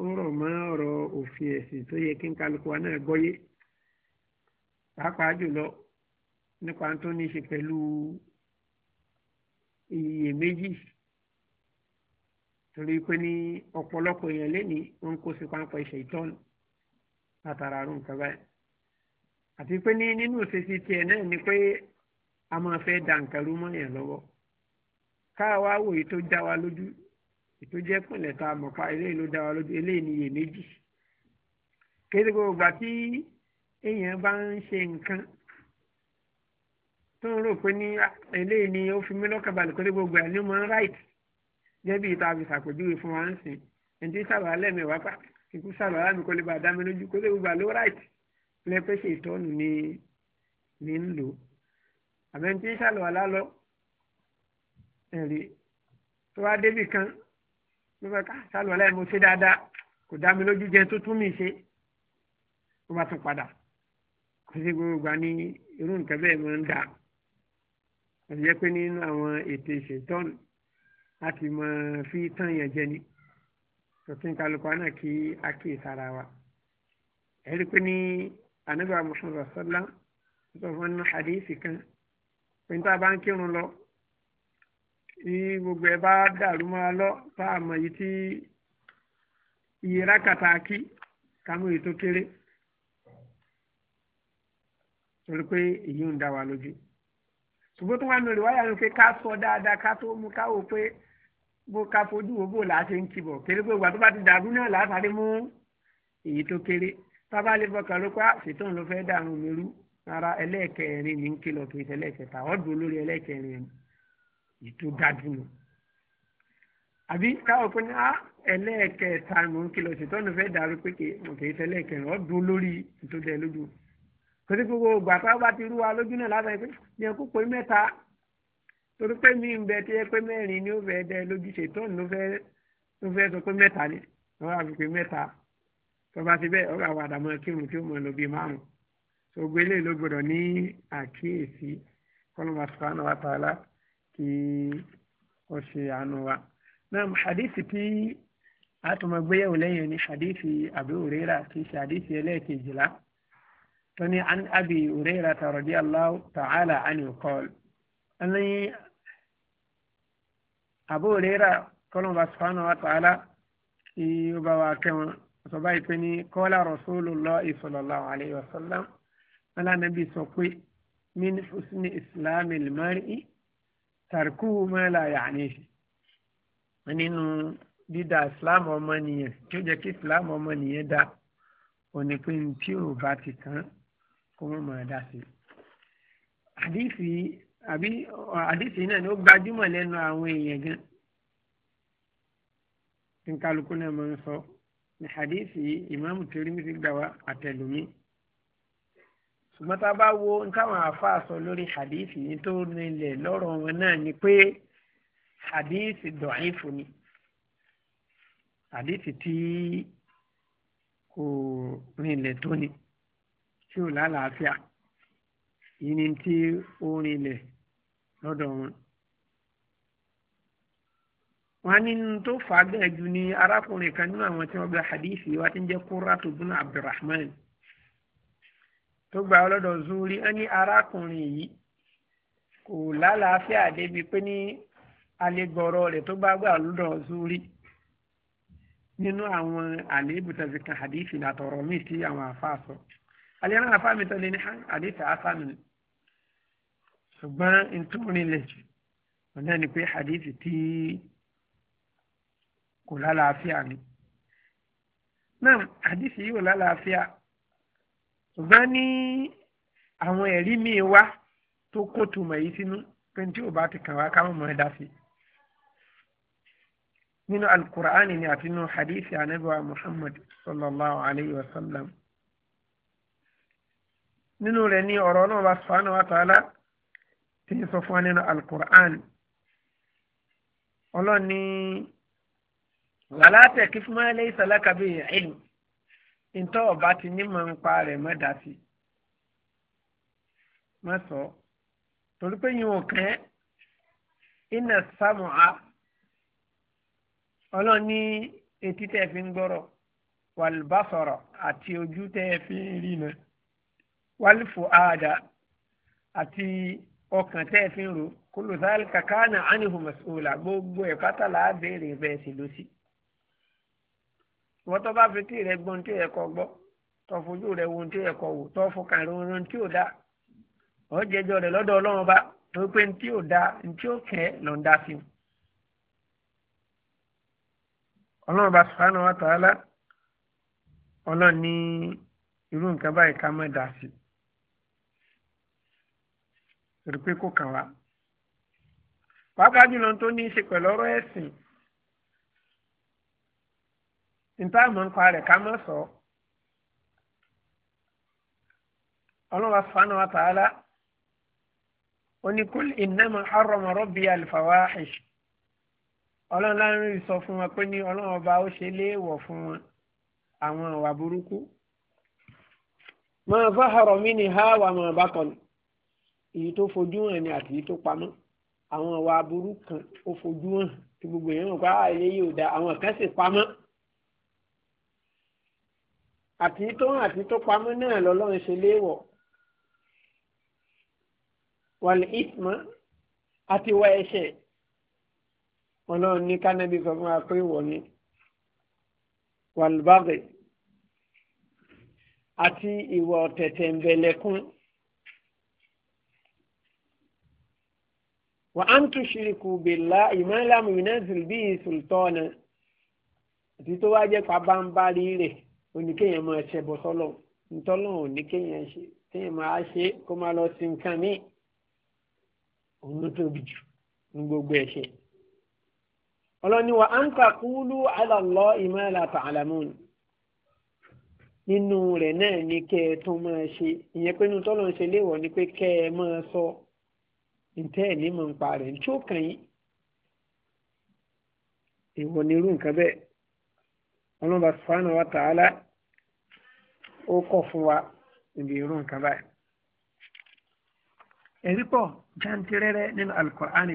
ó rọ̀ mọ́ ọ̀rọ̀ òfin ẹ̀sìn tó yẹ kí n kálukú wa náà gbọ́yé pàápàá jùlọ nípa tó ní ṣe pẹ̀lú iyèméjì torí pé ní ọ̀pọ̀lọpọ̀ èèyàn lénìí ń kó sí páńpẹ́ iṣẹ́ ìtọ́nù látara àrùn nǹkan báyìí àti pé ní nínú ìṣesí tiẹ̀ náà ni pé a máa fẹ́ da nǹkan rú mọ́ èèyàn lọ́wọ́ káwa wò èyí tó já wa lójú èyí tó jẹ́ pínlẹ̀ tá a mọ̀ pa eléyìí ló dá wa lójú eléyìí ni iyèméjì kéde gbogbo ìgbà tí èèyàn bá ń ṣe nǹkan tó ń rò pé ní ah, eléyìí ni ó fi mí lọ́kàn balẹ̀ pé gbogbo ẹ̀ human right gẹ́gẹ́ bí ìta àbí ṣàpèjúwe fún wa ń sìn ẹni tí sàlọ́ alẹ́ mi wá pa ikú sàlọ́ alẹ́ kò lè bá dá lójú kó lè gbà ló right lẹ́pẹ́ ṣe ìtọ́nù ni ní ń lò àbẹ́ni tí sàlọ́ alá lọ ẹ̀rí tó wá débì kan ló fẹ́ ká sàlọ́ alẹ́ mo ṣe dáadáa kò dá mi lójú jẹun tó tún mi ṣe ó bá tún padà kò sí gbogbo àní irú nǹkan bẹ́ẹ̀ máa ń dáa ẹ̀yẹ́ pé nínú àwọn ètò ìṣètọ́nù láti mọ fi tán yẹn jẹ ni tòkín kálukú àná kí akéèsára wa ẹ̀rí pé ní anábì Muhammad sọ́lá sọ fún ní hadisi kan pé ní tá a bá ń kírun lọ ní gbogbo ẹ bá dàrú mọ́ lọ tá a mọ̀ yìí tí iye rákàtà kí kámú èyí tó kéré torí pé èyí ń dá wa lójú ṣùgbọ́n tó wà nù rí wáyà ni pé ká sọ dáadáa ká tó mú ká wò pé bó ká fojú wo bó làá ṣe ń kibọ̀ kéré pé ìgbà tó bá ti dàrú náà látàrí mú èyí tó kéré tábà lè bọkàn ló pa ah, ṣètò òun ló fẹ́ dàrú mi rú ara ẹlẹ́ẹ̀kẹrin ní kìlọ̀ kì í ṣe ẹlẹ́ẹ̀kẹta ọ̀dùn olórí ẹlẹ́ẹ̀kẹrin ẹni ètò gàdùnú àbí káwọ pé ní ah, ẹlẹ́ẹ̀kẹta ní kìlọ̀ ṣètò òun fẹ́ dàrú pé kì ṣe ẹlẹ́ẹ̀kẹrin ọ̀dùn olórí ètò torí gbogbo ògbà tá a bá ti rú wa lójú náà lábẹ́ pé ní ẹkú pé mẹ́ta torí pé mi ń bẹ tí ẹ pé mẹ́rin ni ó fẹ́ dẹ lójúṣe tóun ló fẹ́ fẹ́ sọ pé mẹ́ta ni wọ́n á fi pé mẹ́ta tọba ti bẹ́ẹ̀ ọ̀rọ̀ àwọn àdàmọ́ kírun tí ó mọ̀ lóbi márùn-ún gbogbo eléyìí ló gbọdọ̀ ní àkíyèsí kọ́nùmá sùpánù wa tààlà kí ó ṣe àánú wa. náà hadithi tí a tún máa gbéyẹ̀wò ní hadithi Abu Hurairah tí í ṣe hadithi ẹlẹ́ẹ̀kejìlá. تني عن أبي هريرة رضي الله تعالى عنه قال أني أبو هريرة قال الله سبحانه وتعالى يبوا كما سبايتني قال رسول الله صلى الله عليه وسلم على نبي سقي من حسن إسلام المرء تركه ما لا يعنيه nínú dídá islam ọmọnìyàn tí ó jẹ́ kí islam ọmọnìyàn dá òní pé ní tí ò bá ti kàn án kó wọ́n máa dá sí i. àdìsí àbí àdìsí náà ni ó gbajúmọ̀ lẹ́nu àwọn èèyàn gan ní kálukú náà máa ń sọ ní àdìsí ìmáàmù Tirmidhi gbà wá àtẹlùmí ṣùgbọ́n tá a bá wo táwọn àáfàá sọ lórí àdìsí ní tó nílẹ̀ lọ́rọ̀ wọn náà ni pé àdìsí dọ̀hìnfù ni àdìsí tí kò rinlẹ̀ tó ni tí ò lálàáfíà yìí ni tí ó rinlẹ̀ lọ́dọ̀ wọn. wọn ní tó fà á bẹ́ẹ̀ ju ni arákùnrin kan nínú àwọn tí wọ́n gba hadithi wa ti ń jẹ́ Qurratu bun Abdurrahman tó gba ọlọ́dọ̀ zuri ẹ ní arákùnrin yìí kò lálàáfíà débi pé ní alẹ́gbọ̀rọ̀ rẹ̀ tó bá gbà lọ́dọ̀ zuri nínú àwọn àléébù tàbí kan hadithi látọ̀rọ̀ míì tí àwọn àfa sọ. So àlẹ́ rárá fáàmì tó lé ní àdìsá àfáàmì ni ṣùgbọ́n ntúrin lè jù wọn náà ni pé àdìsí tí kò lálàáfíà ni náà àdìsí yìí kò lálàáfíà ṣùgbọ́n ní àwọn ẹ̀rí míì wá tó kó tùmọ̀ yìí sínú pé tí ò bá ti kàn wá káwọn mọ̀ ẹ́ dá sí nínú alukur'ani ni àti nínú hadithi anabiwa muhammad sallallahu alayhi wa sallam nínú rẹ̀ ní ọ̀rọ̀ náà bá subhanahu wa ta'ala tí ń sọ fún wa nínú alukur'an ọlọ́run ní wala taqif ma laysa laka bihi ilm ntọ́ ọba ti ní mọ̀ ń pa rẹ̀ mọ́ dá torí pé yìí ò kẹ́ iná sámùá ọlọ́run ní etí tẹ́ fi ń gbọ́rọ̀ wal basara àti ojú tẹ́ fi ń rí náà. wálífù àdá ati ọkàn tẹ́ ẹ fi ń ro kúlù sáàlì gbogbo ẹ̀ pátálà á béèrè bẹ́ẹ̀ sì lọ sí. ìwọ́n tó bá fi tí rẹ gbọ́n tí ẹ̀kọ́ gbọ́ tó rẹ wo tí wò tí ò dá ọ jẹjọ rẹ lọ́dọ̀ ọlọ́run bá tó pé tí ò dá rí pé kò kàn wá pàápàá jùlọ tó ní í ṣe pẹ̀lú ọ̀rọ̀ ẹ̀sìn níta mọ̀ nípa rẹ̀ ká má sọ ọlọ́wà sùfàánù wa tààlà ó ní kul innama harrama rabbi al-fawahish ọlọ́run láàrin sọ fún wọn pé ní ọlọ́run ọba ó ṣe léèwọ̀ fún wọn àwọn ìwà burúkú ma zahara minha wa ma batan ni èyí tó fojú hàn ni àti èyí tó pamọ́ àwọn ìwà aburú kan ó fojú hàn tí gbogbo èèyàn mọ̀ pé àwọn ah, eléyìí ò da àwọn kan sì pamọ́ àti tó hàn àti tó pamọ́ náà lọ́lọ́run ṣe léèwọ̀ wàlẹ̀ ìtìmọ́ àti wà ẹ̀ṣẹ̀ ọlọ́run ní kánábì sọ fún ni wàlúbàgẹ̀ àti ìwà ọ̀tẹ̀tẹ̀ ń bẹ̀lẹ̀kún. wa an tushriku billahi ma lam yunazil bihi sultana àti tó wá jẹ́ pabambarí rẹ̀ oníkéèyàn máa ṣẹbọ sọ́lọ̀ ntọ́lọ̀ oníkéèyàn ṣe téèyàn máa ṣe kó máa lọ sí nǹkan míì òun tóbi jù ní gbogbo ẹ̀ṣẹ̀ ọlọ́ni wa an taqulu ala Allahi ma nínú rẹ̀ náà ni kẹ́ ẹ tún máa ṣe ìyẹn pé inú ń ṣe léèwọ̀ ni pé kẹ́ ẹ máa sọ. So ntẹ́ ẹ̀ ní mọ̀ ń pa rẹ̀ ntí ó kàn yín ìwọ ni irú nǹkan bẹ́ẹ̀ ọlọ́ba subhanahu wa ta'ala ó kọ̀ fún wa níbi irú nǹkan báyìí. ẹ̀rí pọ̀ jantirẹ́rẹ́ nínú al-Qur'an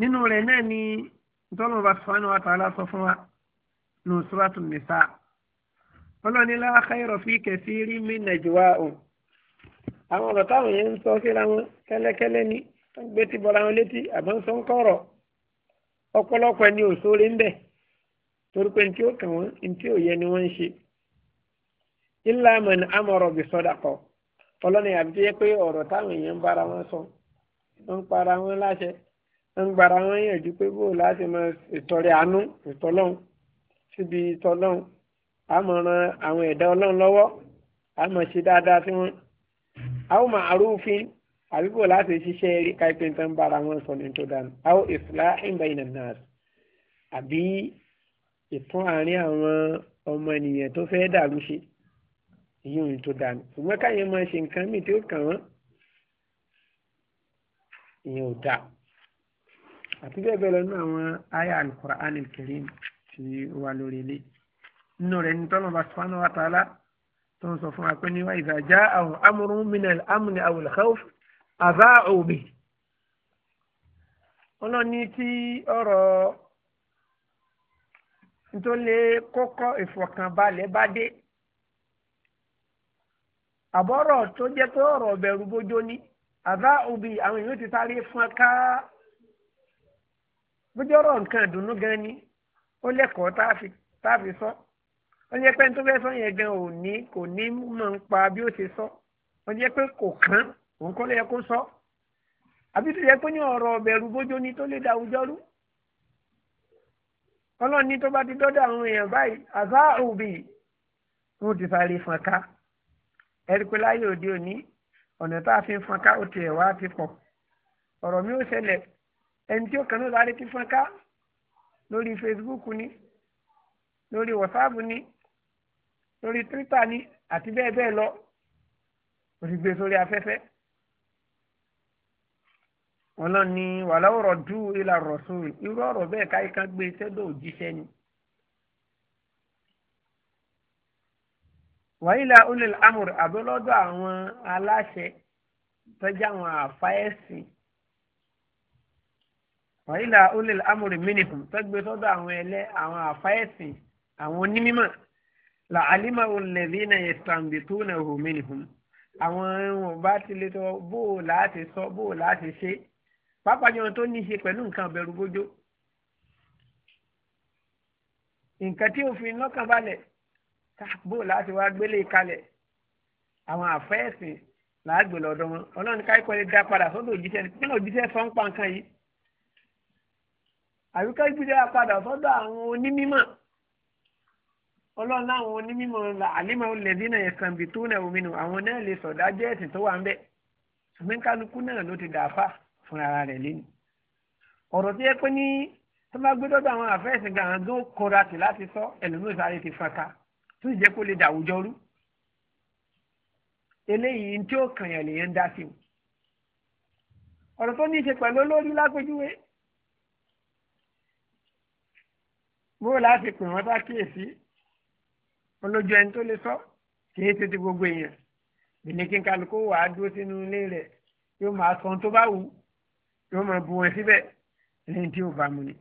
nínú rẹ̀ náà ni ntọ́lọ́ba subhanahu wa ta'ala sọ fún wa nù Suratun Nisa ọlọ́ni la khayra fi kathirin min najwa'um àwọn ọ̀rọ̀ táwọn yẹn ń sọ síra wọn kẹ́lẹ́kẹ́lẹ́ ní wọ́n gbé ti bọ́ra wọn létí àbọ̀ ń sọ ń kọ̀rọ̀ ọ̀pọ̀lọpọ̀ ẹni ò sóore ń bẹ̀ torí pé ntí ó kàn wọ́n ntí ò yẹ ni wọ́n ń ṣe. illa man amara bi sadaqa ọlọ́ni àbí tó yẹ pé ọ̀rọ̀ táwọn èèyàn ń bára wọn sọ ń para wọn láṣẹ wọ́n ń gbara wọn yànjú pé bó láti máa ìtọrẹ àánú ìtọ́lọ́hún síbi ìtọ́lọ́hún àmọ̀ràn àwọn ẹ̀dá ọlọ́run lọ́wọ́ àmọ̀ ṣe dáadáa sí wọn aw ma'rufin àbí kò láti ṣiṣẹ́ rí káìpẹ́ tó ń bára wọn sọ ní tó dànù aw islahin bayna nas àbí ìtún àárín àwọn ọmọ ènìyàn tó fẹ́ dàrú ṣe èyí ò ní tó dànù ṣùgbọ́n káyọ̀ máa ṣe nǹkan míì tí ó kàn wọ́n ìyẹn ò dáa àti bẹ́ẹ̀ bẹ́ẹ̀ lọ nínú àwọn aya al-Qur'an al-Karim tí ó wà lórí ilé nínú rẹ̀ ní tọ́lọ́mọba subhanahu wa ta'ala tó ń sọ fún wa pé ní wá idha ja'ahum amrun minal amni awil khawf adha'u bihi. ọlọ́ni tí ọ̀rọ̀ nítorí kókó ìfọ̀kànbalẹ̀ bá dé àbọ̀rọ̀ tó jẹ́ pé ọ̀rọ̀ ọ̀bẹ̀rù bójó ní adha'u bihi àwọn èèyàn ti sáré fún ká bójú ọ̀rọ̀ nǹkan ìdùnnú gan ni ó lẹ́kọ̀ọ́ tá a fi sọ. So wọ́n jẹ́ pé tó fẹ́ sọ yẹn gan ò ní kò ní mọ̀ ń pa bí ó ṣe sọ wọ́n jẹ́ pé kò kán òun kọ́ ló yẹ kó sọ àbí tó yẹ pé ní ọ̀rọ̀ ọ̀bẹ̀rù bójó ni tó lè da àwùjọ rú ọlọ́run ní tó bá ti dọ́dọ̀ àwọn èèyàn báyìí àzá òbí wọn ti sáré fọnká ẹ̀rí pé láyé òde òní ọ̀nà tá a fi ń fọnká ó tiẹ̀ wá ti pọ̀ ọ̀rọ̀ mi ò ṣẹlẹ̀ ẹni tí ó kàn náà láti fọnká lórí Facebook ni lórí WhatsApp ni lórí twitter ni àti bẹ́ẹ̀ bẹ́ẹ̀ lọ ó ti gbé sórí afẹ́fẹ́ wọn lọ ní wàláwòrán dú ìlà rọ̀sùn irú ọ̀rọ̀ bẹ́ẹ̀ káyí kan gbé sẹ́dọ̀ òjíṣẹ́ ni. wàhílà ulil amur àbúlọ́dọ̀ àwọn aláṣẹ tọ́jú àwọn àfáẹ́sì wàhílà ulil amur minihum tọ́gbé àwọn ẹlẹ́ àwọn àfáẹ́sì àwọn onímọ̀ làálímà olèdínà ìtàǹbìtúnà hùmínìhùn àwọn ohun bá ti lè sọ bó o láti sọ bó o láti ṣe pápá jọ tó ní í ṣe pẹ̀lú nǹkan ọ̀bẹ̀rù bójó nǹkan tí òfin lọ́kàn balẹ̀ bó o láti wá gbélé kalẹ̀ àwọn àfẹ́ẹ̀sìn làágbè lọ́dọ̀ wọn ọlọ́run ká ikọ̀ lè dá padà sọ́dọ̀ òjíṣẹ́ kí òjíṣẹ́ sọ pa nǹkan yìí àbíká gbé padà sọ́dọ̀ àwọn onímọ̀ ọlọ́run láwọn onímọ̀ àlímọ̀ lẹ́dínà ẹ̀sán bìtú náà òmìnú àwọn náà lè sọ̀dá jẹ́ ẹ̀sìn tó wà ń bẹ̀ ṣùgbọ́n kálukú náà ló ti dàáfà fúnra rẹ̀ lẹ́nu. ọ̀rọ̀ tó yẹ pé ní tó bá gbé dọ́dọ̀ àwọn àfẹ́sìn gan tó kóra tì láti sọ ẹlòmíràn sáré ti fọ́nká tó sì jẹ́ kó lè dàwùjọ rú. eléyìí tí ó kàn yàn lèyàn dá sí o. ọ̀rọ̀ tó ní olójú ẹni tó lè sọ kì í tètè gbogbo èèyàn bìnníkì kálukú wà á dúró sínú ilé rẹ̀ yóò máa sọ ohun tó bá wù ú yóò máa bu wọn síbẹ̀ lẹ́yìn tí ò bá mu ni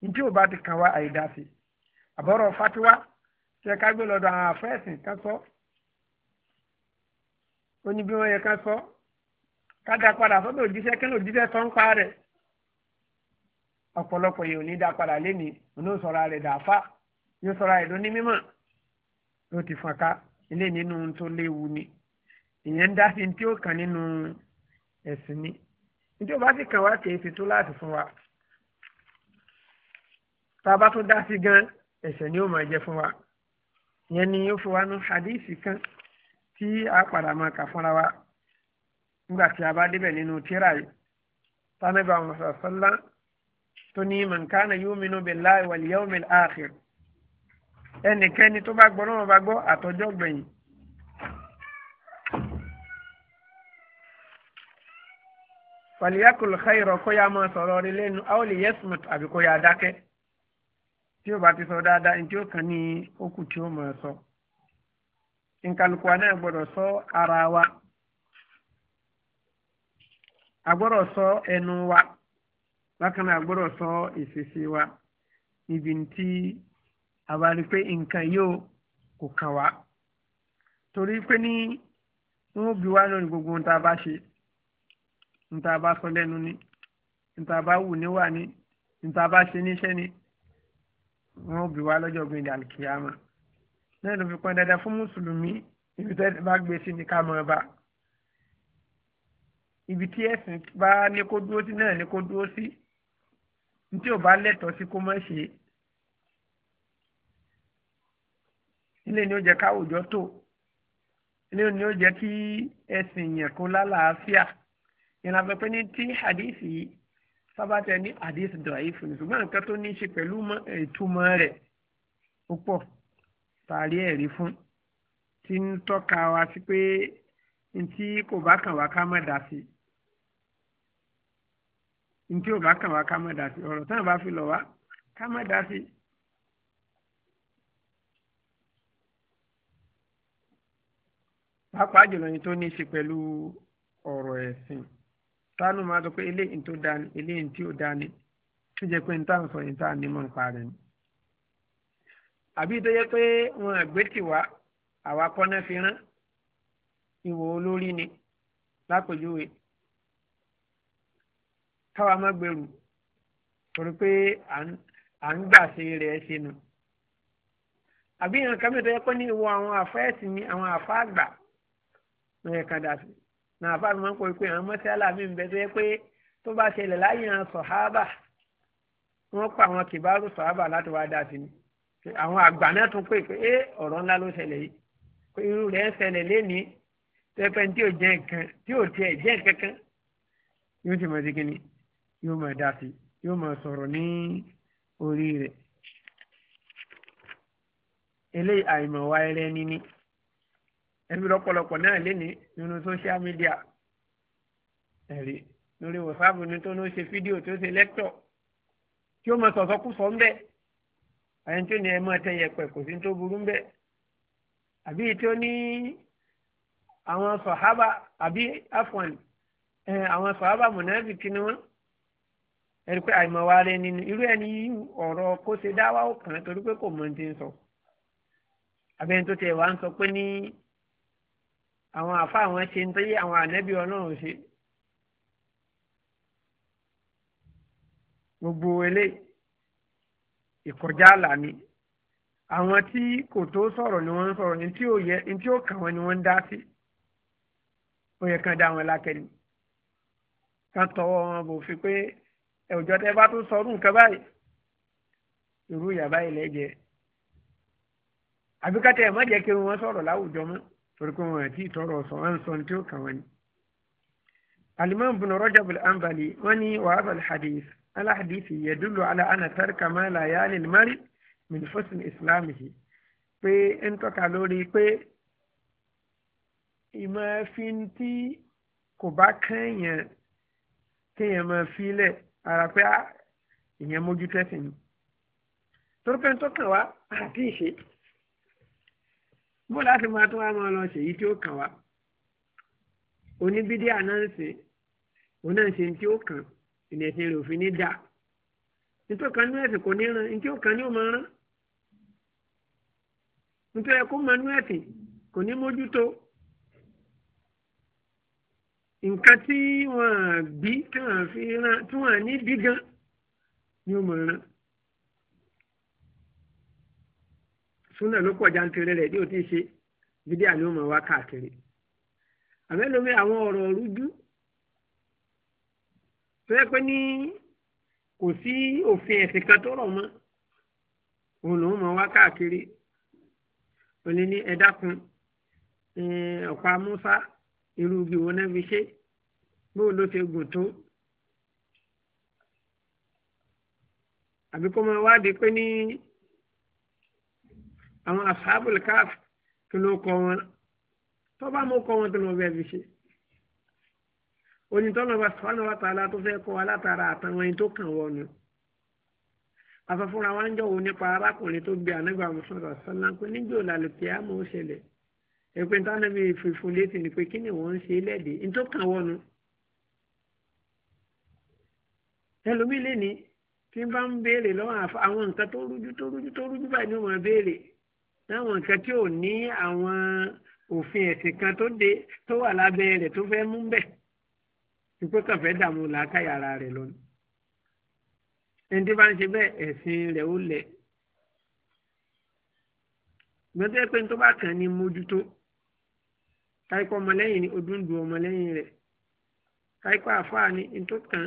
ní tí ò bá ti kàn wá àìdá sí àbọ̀rọ̀ fatiwa ṣe ká gbé lọ́dọ̀ àwọn àfẹ́sìn kan sọ ó ní bí wọ́n yẹ kan sọ ká dá padà sọ́dọ̀ òjíṣẹ́ kí ló jíṣẹ́ sọ ń pa rẹ̀ ọ̀pọ̀lọpọ̀ yìí ò ní dá padà lénìí òun ò sọ̀rọ̀ rẹ̀ dàáfà yóò sọ̀rọ̀ rẹ̀ lóní mímọ́ ló ti fọ́n ká ilé nínú tó léwu ni ìyẹn ń dá sí tí ó kàn nínú ẹ̀sìn ni nítorí bá sì kàn wá kì í fi tó láti fún wa tá a bá tún dá sí gan ẹ̀ṣẹ̀ ni ó máa jẹ́ fún wa ìyẹn ni ó fi wá nu hadíìsì kan tí a padà máa kà fúnra wa nígbà tí a bá débẹ̀ nínú tíra yìí tánàbà mọ̀sálásálá tó ní man kana yuminu billahi wal yawmil akhir ẹnikẹ́ni tó bá gbọ́ lọ́wọ́ bá gbọ́ àtọ́jọ́ gbẹ̀yìn. fàlìyàkùlù xeyìrọ̀ kó yá máa sọ̀rọ̀ rí lẹ́nu àwọn lè yẹ́sùmọ̀tò àbí kó yá dákẹ́ tí ó bá ti sọ dáadáa ní tí ó kàn ní okù tí ó máa sọ. nkàlùkù wa gbọ́dọ̀ sọ ara wa a sọ ẹnu wa bákan náà a sọ ìṣesí wa níbi tí àwa rí i pé nǹkan yóò kò kàn wá torí pé ní wọn bí wá lórí gbogbo ohun bá ṣe ohun bá sọ lẹ́nu ni ohun tá a bá wù níwà ni ohun tá a bá ṣe níṣẹ́ ni wọn bí wá lọ́jọ́ gbìn dàlùkìyàmà náà ló fi pọn dandan fún mùsùlùmí ibi tẹ́ bá gbé sí ni ká mọ̀ ọba ibi tí ẹ̀sìn bá ní kó dúró sí náà ní kó dúró sí ní tí ò bá lẹ́tọ̀ọ́ sí kó má ṣe é. ilé ni ó jẹ́ káwùjọ tó ilé ni ó jẹ́ kí ẹ̀sìn yẹn kó lálàáfíà ìlànà àfẹ́ pé ní tí hadisi sábàtẹ ní hadisi dọ̀ìfù ní ṣùgbọ́n nǹkan tó ní í ṣe pẹ̀lú ìtumọ̀ rẹ̀ ó pọ̀ tààrí ẹ̀rí fún tí ń tọ́ka wa sí pé ntí kò bá kàn wá ká má dá sí ntí ò bá kàn wá ká má dá sí ọ̀rọ̀ táwọn bá fi lọ wá ká má dá sí. pàápàá jùlọ ní tó ní í ṣe pẹ̀lú ọ̀rọ̀ ẹ̀sìn tánú máa sọ pé eléyìí tó dání eléyìí tí ò dání tó jẹ́ pé níta ń sọ níta ní mọ̀ nípa rẹ̀ ni. àbí tó yẹ pé wọn àgbẹ̀ tì wá àwa kọ́ná fi rán ìwò olórí ni lápèjúwe káwa má gbèrú torí pé à ń gbà ṣe rẹ̀ ṣe nù. àbí ìrànkámi tó yẹ pé ní ìwọ àwọn àfáà ni àwọn àfáà wọn yẹ kan dà sí náà àfa mi máa ń pè pé àwọn mọ́sálà mi ń bẹ tó yẹ pé tó bá ṣẹlẹ̀ láyé àwọn sọ̀hábà wọ́n pa àwọn kìbárù sọ̀hábà láti wá dà sí ni àwọn àgbà náà tún pè pé ọ̀rọ̀ ńlá ló ṣẹlẹ̀ yìí pé irú rẹ̀ ń ṣẹlẹ̀ lénìí tẹ́pẹ́ tí ò jẹ́ nǹkan tí ò tiẹ̀ jẹ́ kankan yóò ti mọ̀ sí kínní yóò mọ̀ dà sí yóò mọ̀ sọ̀rọ̀ ní orí rẹ̀ eléyìí àìmọ̀ wa ẹrẹ́ níní ẹnu lọ́pọ̀lọpọ̀ náà léni nínú social media ẹ̀rí lórí whatsapp ni tó ní ó ṣe fídíò tó ṣe lẹ́tọ̀ tí ó mọ sọ̀sọ́kùsọ ń bẹ̀ àyẹn tó ní ẹ máa tẹ yẹpẹ̀ kò sí tó burú ń bẹ̀ àbí tó ní àwọn sọ̀hábà àbí afọ̀n ẹ̀ àwọn sọ̀hábà mọ̀nàbì kí ni wọ́n ẹ̀rí pé àìmọ̀ wa rẹ nínú irú ẹni ọ̀rọ̀ kó ṣe dáwà ó kàn án torí pé kò mọ̀ ní ti ń sọ àbẹ́yẹn tó tẹ̀ wá ń sọ pé ní. àwọn afọ àwọn ṣe ń tẹ́yẹ àwọn ànẹ́bí ọlọ́run ṣe. gbogbo eléyìí ìkọjá àlà ni àwọn tí kò tó sọ̀rọ̀ ni wọ́n ń sọ̀rọ̀ ní tí ò yẹ wọ́n ni wọ́n ń dá sí ó yẹ dá wọn lákẹ́ni kán tọwọ́ wọn bò fi pé bá tó jẹ àbíkátẹ́ ẹ̀ má jẹ́ kí wọ́n torí pé wọn àti ìtọrọ ọsàn wọn sọ ní tí ó kàn wọn ni. alimami bin Rajab al-Hanbali wọn ní wàhálà alhadith alhadithi yadulu ala ana tarka ma la yaali mari min husn islamihi pé ń tọ́ka lórí pé ìmọ̀ fi ń tí kò bá kẹ́yìn kéèyàn máa filẹ̀ ara pé ah, ìyẹn mójútẹ́sìn ni torí pé ń tọ́ka wá àti ìṣe bó láti máa tó wá máa lọ ṣèyí tí ó kàn wá oníbídíà náà ń sìn òun náà ń ṣe tí ó kàn ìnẹ̀sìn rẹ̀ òfin ní dá nítorí kan ní ẹ̀sìn kò ní ran ní tí ó kàn ní ó máa rán nítorí ẹ̀kọ́ máa ní ẹ̀sìn kò ní mójútó nǹkan tí wọ́n bí tí wọ́n fi rán tí wọ́n ní bí gan ni ó máa rán. súnà ló pọ̀ jántìrẹ rẹ̀ ní òtí ṣe bídíà ni ó mọ̀ wá káàkiri àmẹ́lómi àwọn ọ̀rọ̀ rújú tó yẹ pé ní kò sí òfin ẹ̀sìn kan tó rọ̀ mọ́ òun lòún mọ̀ káàkiri òní ní ẹ dákun ọ̀pá Musa irú igi wọn náà fi ṣe bóun ló ṣe gùn tó àbí kó máa wádìí pé ní àwọn asábùl káf kí ló kọ wọn tó bá mú kọ wọn tó lọ bẹ fi ṣe onítọ́nà bá sọ́nà wa tààlà tó fẹ́ kọ́ wa látara àtàwọn ẹni tó kàn wọnú afẹ́fúnra wa ń jọ̀wọ́ nípa arákùnrin tó gbé ànágbà mùsùlùmí sọ́nà pé níjó làlùkì àmọ́ ó ṣẹlẹ̀ èpè tánàbí fífún létí ni pé kí ni wọ́n ń ṣe lẹ́dí ní tó kàn wọnú ẹlòmíì tí n bá ń béèrè lọ́wọ́ àwọn nǹkan tó rújú tó rújú tó rújú báyìí ni wọ́n béèrè láwọn nǹkan tí ò ní àwọn òfin ẹ̀sìn kan tó de tó wà lábẹ́ rẹ̀ tó fẹ́ mú bẹ̀ ìpè kàn fẹ́ dààmú làákàyà ara rẹ̀ lónìí ẹni tí bá ń ṣe bẹ́ẹ̀ ẹ̀sìn rẹ̀ ó lẹ̀ gbẹ́tẹ́ pé tó bá kàn ní mójútó káíkọ́ ọmọlẹ́yìn ni ojú ń du ọmọlẹ́yìn rẹ̀ káíkọ́ àfáà ni tó kàn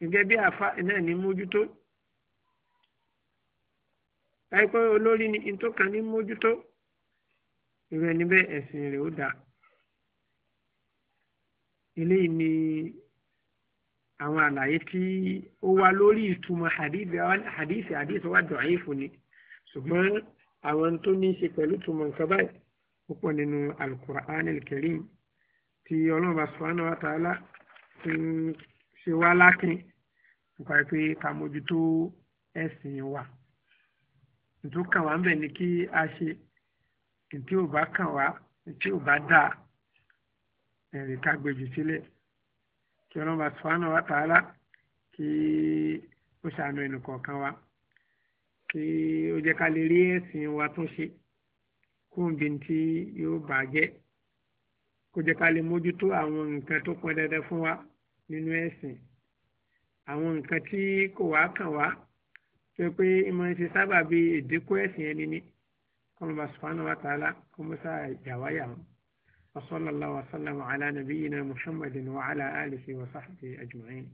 gẹ́gẹ́ bí àfáà náà ní mójútó láìpẹ́ olórí ni n tó kàn ní mójútó irú ẹni bẹ́ẹ̀ ẹ̀sìn rẹ̀ ó dáa eléyìí ni àwọn àlàyé tí ó wá lórí ìtumọ̀ hadith hadith wa dọ̀ọ́yìn fún ni ṣùgbọ́n àwọn tó ní í ṣe pẹ̀lú ìtumọ̀ nǹkan báyìí ó pọ̀ nínú alukur'an al-karim tí ọlọ́run bá subhanahu wa ta'ala ti ń ṣe wá lákìn nípa pé ká mójútó ẹ̀sìn wa ètò kàn wá ń bẹ̀ ni kí a ṣe ètò ò bá kàn wá ètò ò bá dáa ẹ̀rì ká gbèjì sílẹ̀ kí ọlọ́mọba sùfàánù wa tààlà kí ó ṣàánú ẹnì kọ̀ọ̀kan wa kí ó jẹ́ ká lè rí ẹ̀sìn wa tún ṣe kóńbi tí yóò bàjẹ́ kó jẹ́ ká lè mójútó àwọn nǹkan tó pọn dandan fún wa nínú ẹ̀sìn àwọn nǹkan tí kò wá kàn wá tó pé ìmọ̀ ẹ̀sìn sábà bí ìdínkù ẹ̀sìn ẹni ní kọlọmọ subhanahu wa ta'ala kó musa jàwáyà wọn wa sallallahu wa sallam ala nabiyyina muhammadin wa ala alihi wa sahbihi ajma'in.